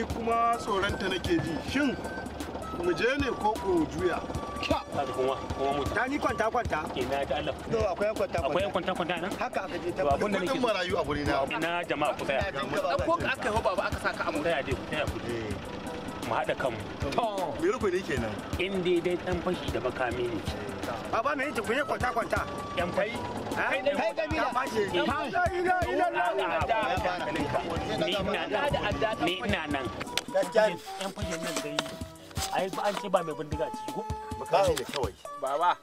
ni kuma tsoronta nake ji shin mu je ne ko ko juya kaga kuma kuma mu ta ni kwanta kwanta ina eh, ta Allah to akwai yan kwanta akwai yan kwanta kwanta nan haka aka je ta ba abun da nake marayu a guri na ina jama'a ku tsaya ko aka yi ba aka saka a mutaya dai ku tsaya ku eh. mu hada kanmu to me rufe kenan in dai dai dan fashi da makami ne baba me yake ku ne kwanta kwanta yan fashi kai kabila ni ina nan ai ba an ce ba mai bindiga a ciki ko makarai da kawai baba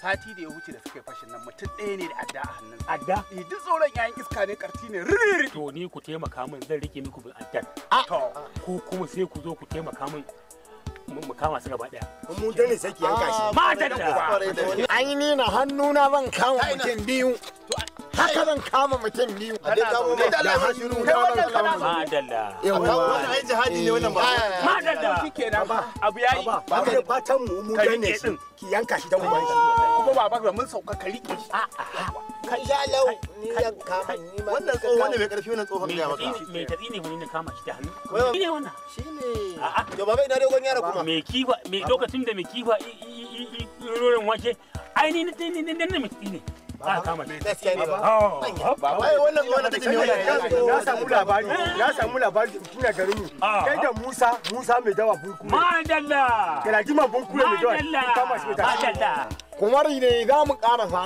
sati da ya wuce da suka fashin nan mutum ɗaya ne da adda a hannun adda duk tsoron yayan iska ne karti ne riri. to ni ku taimaka min zan rike muku bin addan ko kuma sai ku zo ku taimaka min mu kama su gaba daya mu dane saki yanka shi madalla ai ni na hannuna ban kama mutum biyu haka zan kama mutum biyu a dai kamo mai da hashiru da wannan kama madalla yawa wannan ai jihadi ne wannan ba eh. madalla shikenan ba abu yayi ba fatan mu mu dane shi ki yanka shi dan uban kuma babar da mun sauka ka rike shi ka sha lau ni yan kama ni ma wannan tsohon ne mai karfi wannan tsohon ga maka mai tatsi ne mun ne kama shi da hannu shi ne wannan shi ne a'a to baba ina dogon yara kuma me kifa me lokacin da me kifa rorin wake ai ni ne ne ne mai tatsi ne ba kama ne gaskiya ne ba oh. ai wannan wannan tatsi ne wannan ya samu labari ya samu labari tuna garin mu ah. kai da Musa Musa mai dawa bunku madalla kira jiman bunku mai dawa kama shi da madalla kumari ne za mu karasa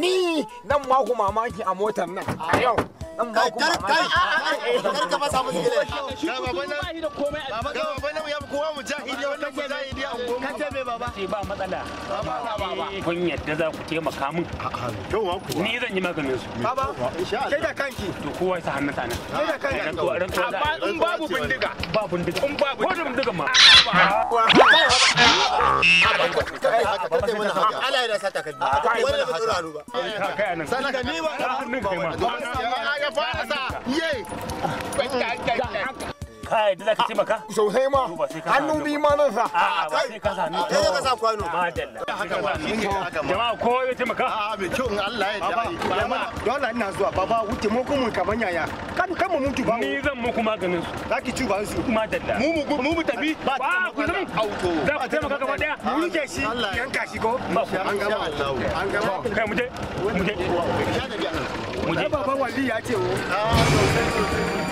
ni nan maku mamaki a motar nan a yau kar ka fasa musu gele ga baba nan baba baba kun yadda za ku taimaka min ni zan yi maganin su baba kai da kanki to kowa sa hannun sa nan kai da kanki A in babu bindiga ba bindiga in babu ko bindiga ma ala ya sa takalmi wannan ba tsoro ba sanaka ni ba hannun kai ya fara sa ye kai da zaka taimaka ah, sosai ma hannu bi ma sa a ba sai ka sa ni ah, ah, sai ka sa kwano madalla haka jama'a ko ya taimaka a me kyau in Allah ya da jama'a dole ina zuwa baba wuce mu kuma kaman yaya kan kan mu mutu ba ni zan muku maganin su zaki ci ba su madalla mu mu mu mu tafi ba ku zan auto za ku taimaka gaba daya mu rike shi yanka shi ko an gama an gama kai mu je mu je mu je baba wali ya ce wo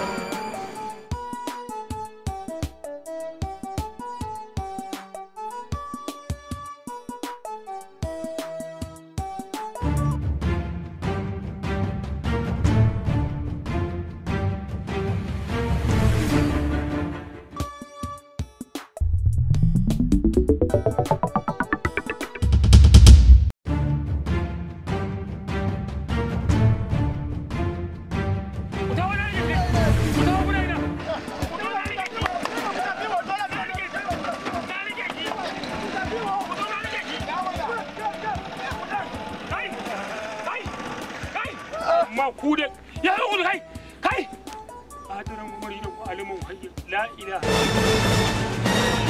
amma ku da ya kai kai a tarin kuma da ku alimin hayyin la ilaha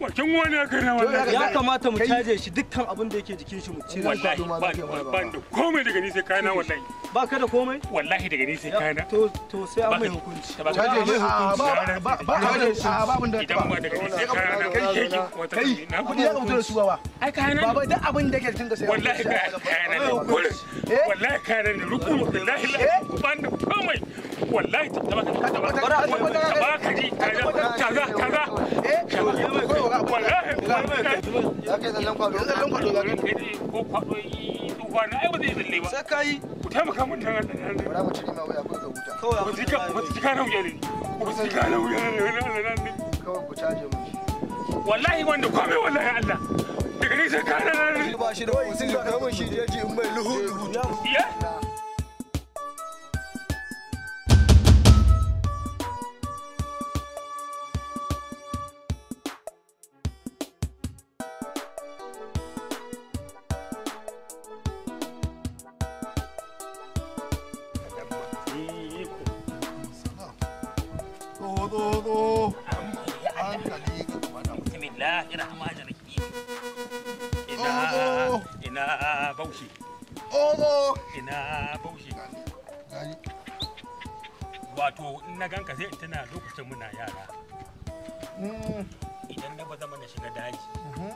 Bakin wani ya kai na Ya kamata mu caje shi dukkan abin da yake jikin shi mu cire. Wallahi ban da komai daga ni sai kayana wallahi. Ba ka da komai? Wallahi daga ni sai kayana. To to sai an mai hukunci. Ba ka da hukunci. Ba ba ka da ba. Idan ma daga ni sai kayana kai kai kai. Na kudi ya kautar su ba. Ai kayana. Baba duk abin da yake jikin sai. Wallahi kayana ne Wallahi kayana ne ruku wallahi ban da komai. Wallahi ta ba ka da ba ka ji kaza kaza kaza. Eh sai ka yi ku taimaka mun wallahi wanda kwame wallahi Allah daga ba shi da musulmi kawai shi jeji in mai luhu ya zo zo ina wato in na ganka sai tana lokacin muna yara hmm. idan na zama na shiga daji mm-hmm.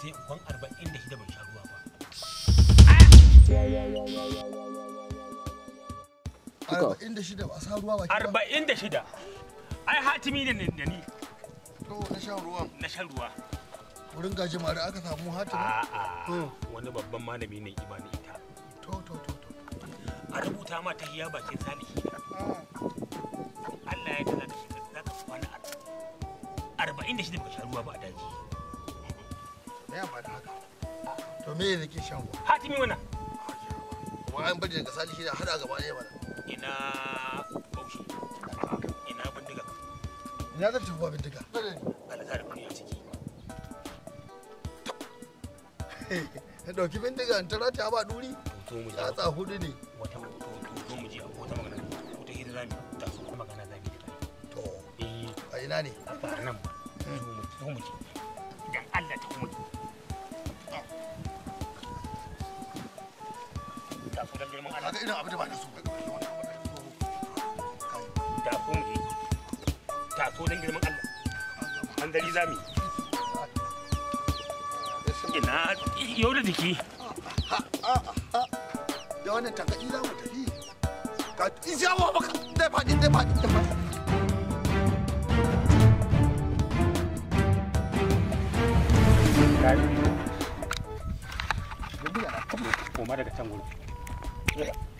sai in kwan arba'in da shida ban sha ruwa ba arba'in da shida ba sa ruwa ba arba'in da shida ai hatimi ne da ni to na shan ruwan na shan ruwa wurin gaji mare aka samu hatimi a'a wani babban malami ne imani ita to to to a rubuta ma ta hiya bakin salihi Allah ya kaza da shi da ka kwana arba'in da da baka sha ruwa ba a daji me ya faɗa haka to me yake shan ruwa hatimi wannan wa an bari daga salihi da hada gaba ne mana ina Ina zan tafi ba ɗauki bindiga in tara ta ba duri. Ya tsa hudu ne. Wata to mu a magana. ta so magana To. Eh. A ina ne? A fara nan. Hmm. To mu je. Dan Allah ta mu. Ta so girman Allah. abu da ba so. Ka to don girman Allah an dari zami ina yau da jiki da wannan takaɗi za mu tafi ka baka dai faɗi dai faɗi dai faɗi koma daga can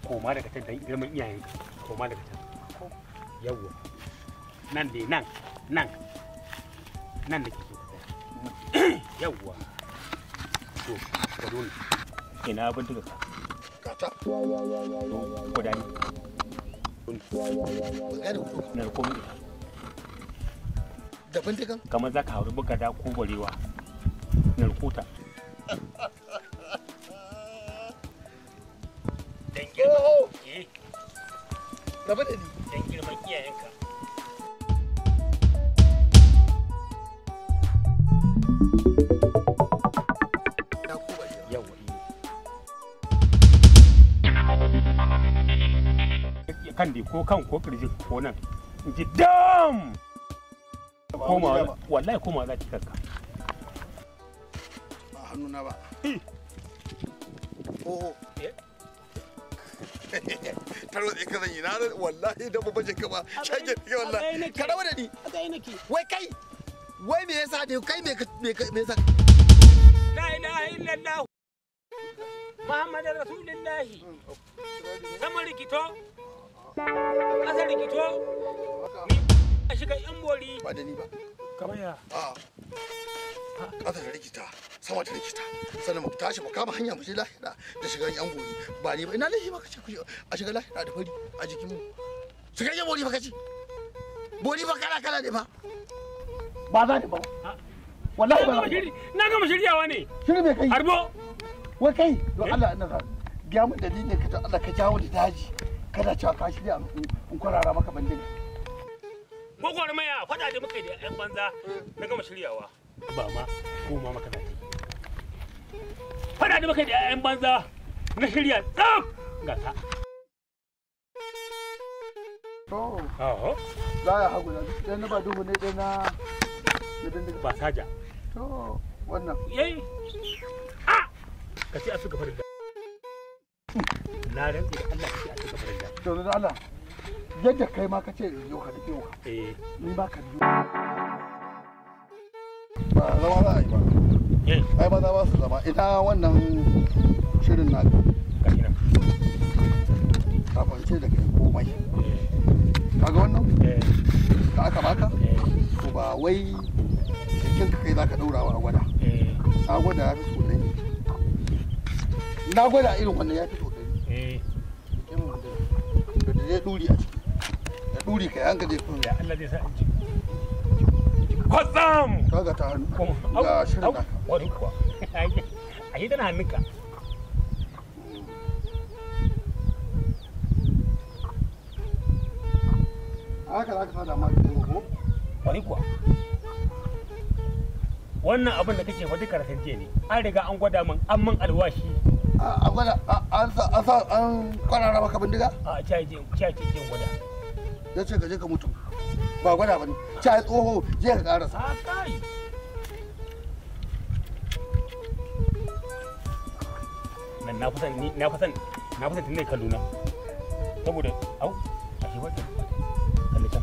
koma daga can da girman koma daga can yawwa nan dai nan nan nan da kike yawwa to ka ina ka kata ko na ko da bindigan kamar za ka hauri buga ko barewa na kan di ko kan ko kirji ko nan in ji dam koma wallahi koma za ki karka ba ba oh da eh? ka zanyi na wallahi da babaje ka ba shage wallahi ka da ni wai kai wai me yasa ne kai me me sa la ilaha illallah muhammadur rasulullah sama rikito asa rikito a shiga yan bori ba da ni ba kamar ya a kasa da rikita sama ta rikita sannan mu tashi mu kama hanya mu je lahira da shiga yan bori ba ni ba ina lahi ba kace a shiga lahira da fari a jikin mu shiga yan bori ba kace bori ba kala kala ne ba ba za ni ba wallahi ba na gama shiryawa ne shiri kai harbo wai kai don Allah ina za biya mun dalilin ka don Allah ka jawo da daji kada cewa ka shirya in kwarara maka bandin gogor maya faɗa da muka da yan banza na gama shiryawa ba ma ko ma maka faɗa da muka da yan banza na shirya tsaf ga ta ya hagu ba ne na na bindiga ba saja to wannan yayi a ka da na rantsi da Allah ka da to da Allah yadda kai ma ka ce in ka da eh ni ba ka biyo ba zama za a yi ba ai ba za ba su zama ita wannan shirin na da kai komai eh. kaga wannan eh. aka baka eh. ba wai jikin ka kai zaka daurawa a gwada eh. a gwada ya fi so ɗari na gwada irin wannan ya fi so ɗari da eh. zai ɗuri a ciki da ɗuri zai zai sa in ji kwatsam kaga ta hannu ga wannan abin da kake wata karatun jiya ne an riga an gwada min an min alwashi a gwada an sa an sa kwarara maka bindiga a cai je cai ce jin gwada ya ce ka je ka mutu ba gwada bane cai tsoho je ka karasa a kai nan na fusa ni na fusa na fusa tunai kalluna saboda au a shi wata kalli can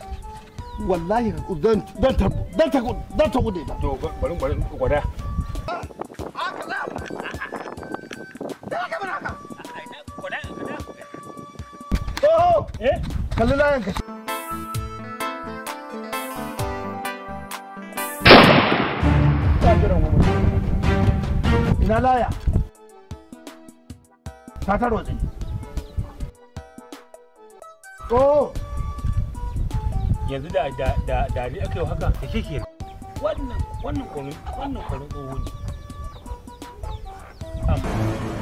wallahi zan ta gude ta bari bari gwada eh? kalli layan ka ina laya ta tarwatsi oh yanzu da da da da ni aka yi haka ta kike wannan wannan kwarin wannan kwarin tsoho ne